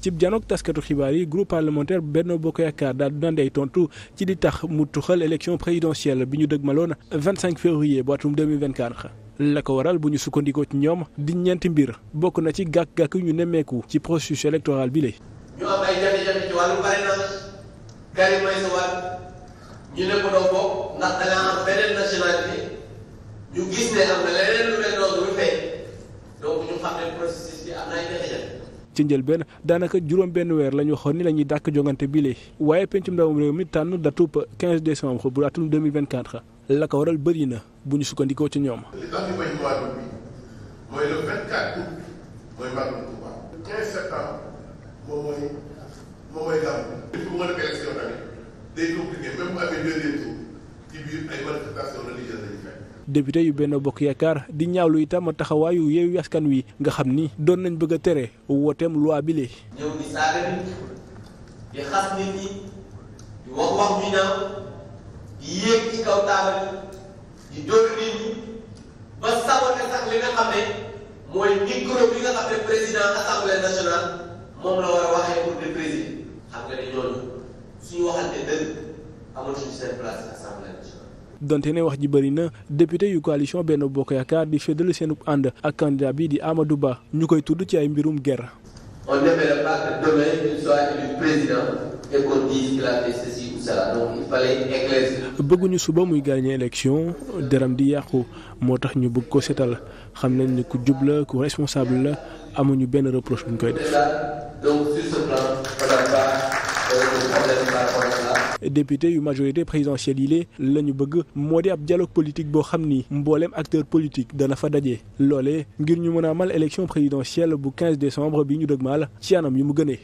cib janook taskatu xibaar yi groupe parlementaire Benno Bokk Yaakaar daal du nandey tontu ci di tax mu tuxal élection présidentielle bi ñu dëgmaloon 25 février bu atum 2024. la ko waral bu ñu sukkandikoo ci ñoom di ñeenti mbir bokk na ci gàkk-gàkk ñu nemmeeku ci processus électoral bi la. ñu am ay jafe-jafe ci wàllu parrainage Karim Meïssa Wade ñu ne doo bokk ndax da ngaa am beneen nationalité ñu gis ne am na leneen lu ne processus bi am na ay jafe ci njëlbeen daanaka juróom benn weer la ñu waxoon ni la ñuy dàkk jongante bi lee waaye pencum ndawam réew mi tànn datub 15 décembre bu atum 2024 la ko waral bëri na bu ñu sukkandikoo ci ñoom. ci biir ay manifestations yu benn bokk yaakaar di ñaawlu itam taxawaayu yeewu askan wi nga xam ni doon nañ bëgg a tere wooteem loi bi ñëw di saaga nit nit ñi di wax wax ju di yéeg ci kaw taabal di dóor nit ñi ba sabote sax li nga xam ne mooy micro bi nga xam ne président assemblée nationale moom la war a waxee pour le président xam nga ne ñooñu suñu waxante dëgg amatuñu seen place assemblée. donte ne wax ji bëri na député yu coalition Benno Bokk Yaakaar di fédéral seen ànd ak candidat bi di Amadou Ba ñu koy tudd ci ay mbirum guerre. on ne verrait bëgguñu suba muy gagné élection deram di yàqu moo tax ñu bëgg ko setal xam nañ ne ku jub la ku responsable la amuñu benn reproche buñ koy def. député yu majorité présidentielle yi lee la ñu bëgg moo di ab dialogue politique boo xam ni mbooleem acteur politique dana fa daje loole ngir ñu mën a amal élection présidentielle bu 15 décembre bi ñu dëgmaal ci anam yi mu gënee